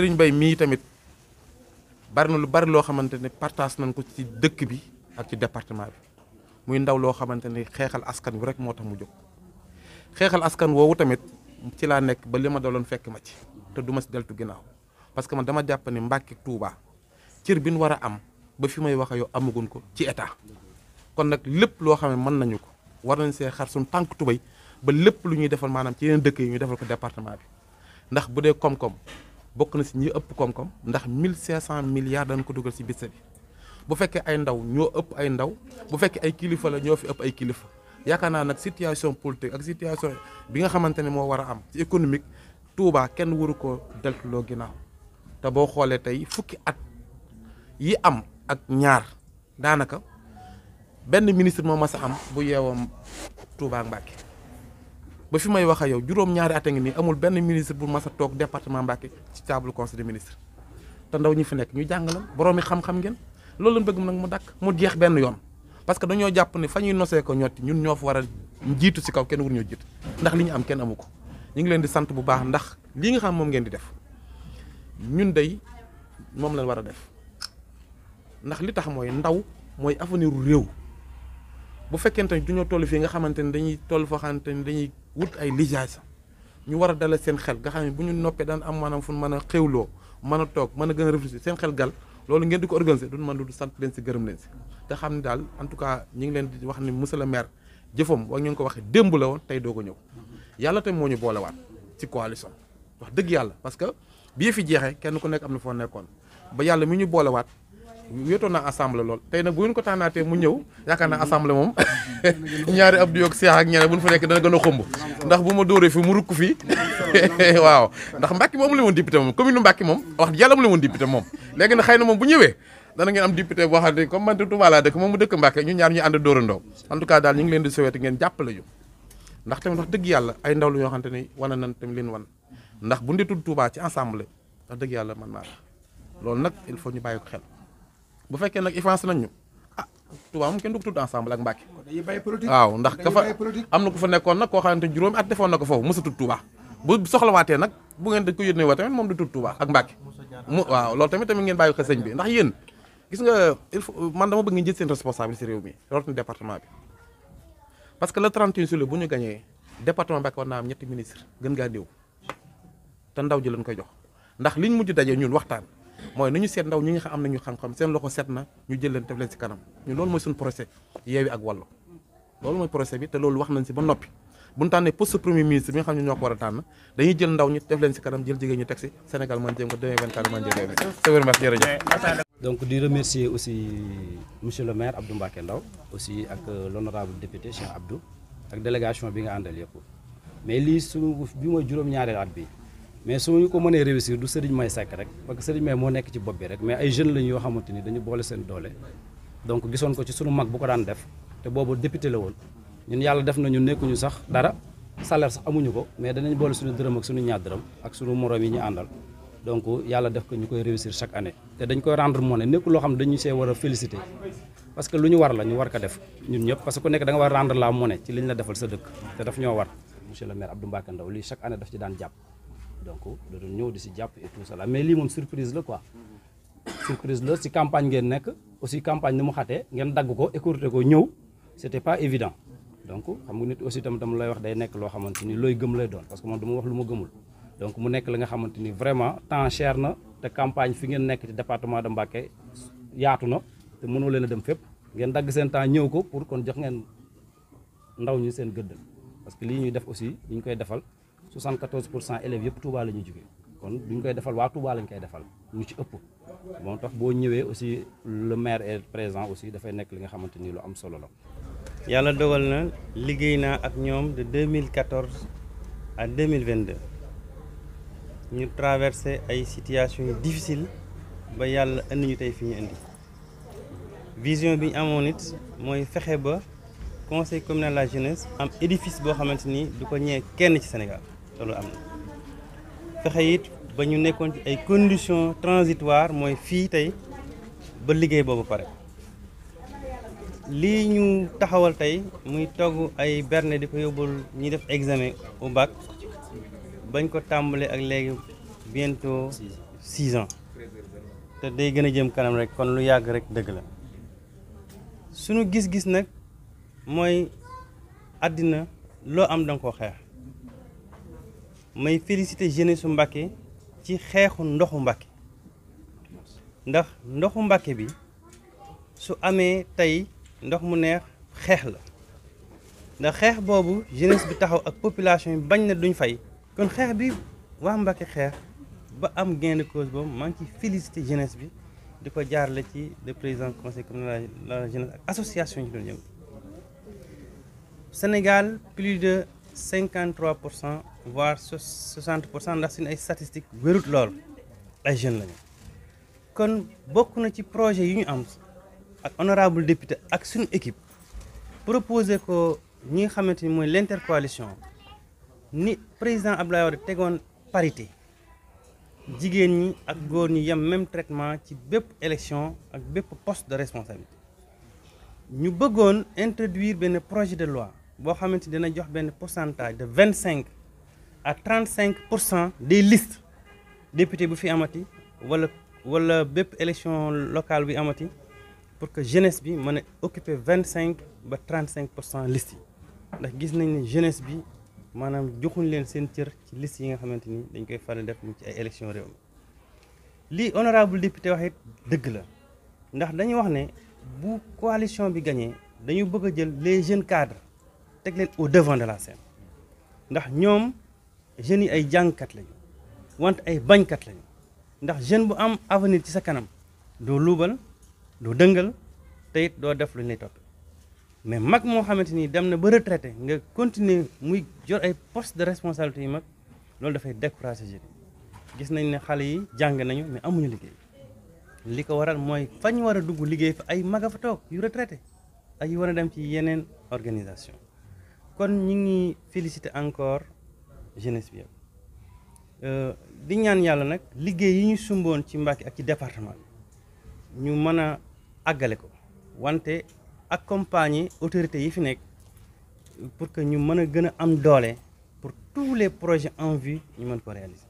sëriñ Bay mii tamit bari na lu bari loo xamante ne partage nañ ko ci dëkk bi ak ci département bi muy ndaw loo xamante ni xeexal askan wi rek moo tax mu jóg xeexal askan woowu tamit ci laa nekk ba li ma daloon fekk ma ci te duma ma si deltu ginnaaw parce que man dama jàpp ne Mbàkke Tuuba cir bi nu war a am ba fi may wax yow amagun ko ci état kon nag lépp loo xam ne mën nañu ko war nañ see xar suñ tànk tubay ba lépp lu ñuy defal maanaam ci yeen dëkk yi ñu defal ko département bi ndax bokk na si ñi ëpp koom-koom ndax 1500 milliards dañ ko dugal si bés bi bu fekkee ay ndaw ñoo ëpp ay ndaw bu fekkee ay kilifa la ñoo fi ëpp ay kilifa yaakaar naa nag situation politique ak situation bi nga xamante ne moo war a am ci économique Touba kenn waru koo deltuloo ginnaaw te boo xoolee tey fukki at yi am ak ñaar daanaka benn ministre moo ma a am bu yeewam Touba ak ba fi may wax ak yow juróom-ñaari at a ngi nii amul benn ministre bu mas a toog département Mbacké ci table conseil des ministres te ndaw ñi fi nekk ñu jàngalam boroomi xam-xam ngeen loolu lañ bëgg nag mu dakk mu jeex benn yoon parce que dañoo jàpp ni fa ñuy nosee ko ñotti ñun ñoo fa war a jiitu si kaw kenn waruñoo jiitu ndax li ñu am kenn amu ko ñu ngi leen di sant bu baax ndax lii nga xam moom ngeen di day moom lañ war a def ndax li tax mooy ndaw mooy avenir réew bu fekkente ne du ñoo toll fii nga xamante ni dañuy toll foo xamante ni dañuy wut ay lijaasa ñu war a dalal seen xel nga xam ne bu ñu noppee daan am maanaam fu mën a xéwloo mën a toog mën a gën a réfléchir seen xel gal loolu ngeen di ko organiser duñ man lu sant leen si gërëm leen si te xam ne daal en tout ñu ngi leen di wax ni monsieur le maire jëfam wax ñu ko waxee démb la woon tey doo ko ñëw yàlla tamit moo ñu boolewaat ci coalition wax dëgg yàlla parce que bii fi jeexee kenn ku nekk am na foo nekkoon ba yàlla mi ñu boolewaat wéetoon naa assemblée lool tey nag bu ngeen ko tànnaatee mu ñëw yaakaar naa assemblée moom ñaari Abdou ak Cheikh ak ñeneen bu ñu fa nekk dana gën a xumb ndax bu ma dóoree fi mu rukk fii waaw ndax Mbacke moom la woon député moom commune nu Mbacke moom wax yàlla mu la woon député moom léegi nag xëy na moom bu ñëwee dana ngeen am député boo xam ne comme man Touba laa dëkk moom mu dëkk Mbacke ñu ñaar ñu ànd dóorandoo en tout cas daal ñu ngi leen di souhaité ngeen jàppale ñu ndax tamit wax dëgg yàlla ay ndaw la yoo xam ne wana nan tamit leen wan ndax bu ndetul Touba ci assemblée wax dëgg yàlla man maa loolu nag il faut ñu bàyyi ko xel bu fekkee nag ifance nañ ñu ah Touba moom kenn du ko tudd ensemble ak Mbacke. waaw ndax ka fa am na ku fa nekkoon nag koo xamante juróomi at defoon na ko foofu mësa tudd Touba bu nag bu ngeen dañ ko yónnee woo tamit moom du tudd Touba ak Mbacke mu waaw loolu tamit tamit ngeen bàyyi ko sëñ bi ndax yéen gis nga il faut man dama bëgg ngeen jël seen responsabilité réew mi rawatina département bi parce que le 31 juillet bu ñu gañee département Mbacke war naa am ñetti ministre gën ngaa néew te ndaw ji lañ koy jox ndax liñ mujj daje ñun waxtaan mooy ñu seet ndaw ñu ngi xam am nañu xam-xam seen loxo seet na ñu jël leen def leen si kanam ñu loolu mooy suñu procès yeewi ak wàllu loolu mooy procès bi te loolu wax nañ si ba noppi bu ñu tànnee poste premier ministre ne ñoo war a tànn dañuy jël ndaw ñi def leen si kanam jël jigéen ñu teg si Sénégal man jéem ko 2024 man jéem ko jërëjëf. donc di remercier aussi monsieur le maire Abdou Mbacké ndaw aussi ak euh, l'honorable député Cheikh Abdou ak délégation bi nga àndal yëpp mais lii su bi mooy juróom-ñaareel at bi mais su ñu ko mënee réussir du Serigne May Seck rek parce que Serigne May moo nekk ci bopp bi rek mais ay jeunes lañ yoo xamante ni dañu boole seen doole donc gisoon ko ci sunu mag bu ko daan def te boobu député la woon ñun yàlla def nañu nekkuñu sax dara salaire sax amuñu ko mais danañ boole suñu dërëm ak suñu ñaar dërëm ak suñu morom yi ñu àndal donc yàlla def ko ñu koy réussir chaque année te dañ koy rendre monnaie nekkul loo xam dañu see war a féliciter parce que lu ñu war la ñu war ko def ñun ñëpp parce que ku nekk da nga war rendre la monnaie ci li ñu la defal sa dëkk te daf ñoo war monsieur le donc da doon ñëw di si jàpp et tout cela mais lii moom surprise la quoi. surprise la si campagne ngeen nekk aussi campagne ni mu xatee ngeen dagg ko écourté ko ñëw c' était pas évident donc xam nga nit aussi tam tam lay wax day nekk loo xamante ni looy gëm lay doon parce que moom dama wax lu ma gëmul. donc mu nekk la nga xamante ni vraiment temps cher na te campagne fi ngeen nekk ci département de Mbacké yaatu na te mënoo leen a dem fépp ngeen dagg seen temps ñëw ko pour kon jox ngeen ndaw ñi seen gëdd parce que lii ñuy ñu koy defal. 74 pour cent élèves yëpp Touba ñu jógee kon duñ koy defal waa Touba lañ koy defal ñu ci ëpp moo tax boo ñëwee aussi le maire est présent aussi dafay nekk li nga xamante ni lu am solo la. yàlla dogal na liggéey naa ak ñoom de 2014 à 2022 ñu traverse ay situations yu difficile ba yàlla indi ñu tey fi ñu indi vision bi ñu amoon it mooy fexe ba conseil communal la jeunesse am édifice boo xamante ni du ko ñëwee kenn ci Sénégal. loolu am na fexe it ba ñu nekkoon ci ay conditions transitoires mooy fii tey ba liggéey boobu pare lii ñu taxawal tey muy togg ay berne di ko yóbbul ñi def examen au bac bañ ko tàmbalee ak léegi bientôt six te day gën a jëm kanam rek kon lu yàgg rek dëgg la sunu gis-gis nag mooy àddina loo am danga ko xeex may félicité jeunesse u Mbacké ci xeexu ndoxu Mbacké ndax ndoxu Mbacké bi su amee tey ndox mu neex xeex la ndax xeex boobu jeunesse bi taxaw ak population yi bañ na duñ fay kon xeex bi waa Mbacké xeex ba am gain de boobu maa ngi ciy félicité jeunesse bi di ko jaarale ci le président conseil communal de la jeunesse ak association ci doon jëm Sénégal plus de pour cent voire soixante pour cent ndax suñu ay statistiques wérut lool ay jeunes lañu kon bokk na ci projet yi ñu am ak honorable député ak suñu équipe proposé ko ñi nga xamante ni mooy l' intercoalition ni président Abdoulaye Wade tegoon parité jigéen ñi ak góor ñi yem même traitement ci bépp élection ak bépp poste de responsabilité ñu bëggoon introduire benn projet de loi boo xamante dina jox benn pourcentage de vingt cinq à trente cinq pour cent des listes député bu fi amati wala wala bépp élection locale bi amati pour que jeunesse bi mën a occuper vingt cinq ba trente cinq pour cent listes yi ndax gis nañ ne jeunesse bi maanaam joxuñ leen seen cër ci liste yi nga xamante ni dañ koy faral def ci ay élection réew mi lii honorable député wax dëgg la ndax dañu wax ne bu coalition bi gañee dañu bëgg a jël les jeunes cadres teg leen au devant de la scène ndax ñoom jeunes yi ay jàngkat lañu wante ay bañkat lañu ndax jeune bu am avenir ci sa kanam doo luubal doo dëngal te it doo def lu lay topp mais mag moo xamante ni dem na ba retraité nga continuer muy jor ay poste de responsabilité yu mag loolu dafay décourager jeunes gis nañ ne xale yi jàng nañu mais amuñu liggéey li ko waral mooy fa ñu war a dugg liggéey fa ay mag a fa toog yu retraité ak yu war a dem ci yeneen organisation kon ñu ngi féliciter encore jeunesse bi yëpp euh, di ñaan yàlla nag liggéey yi ñu sumboon ci Mbacké ak ci département bi ñu mën a àggale ko wante accompagner autorités yi fi nekk pour que ñu mën a gën a am doole pour tous les projets en ñu mën ko réaliser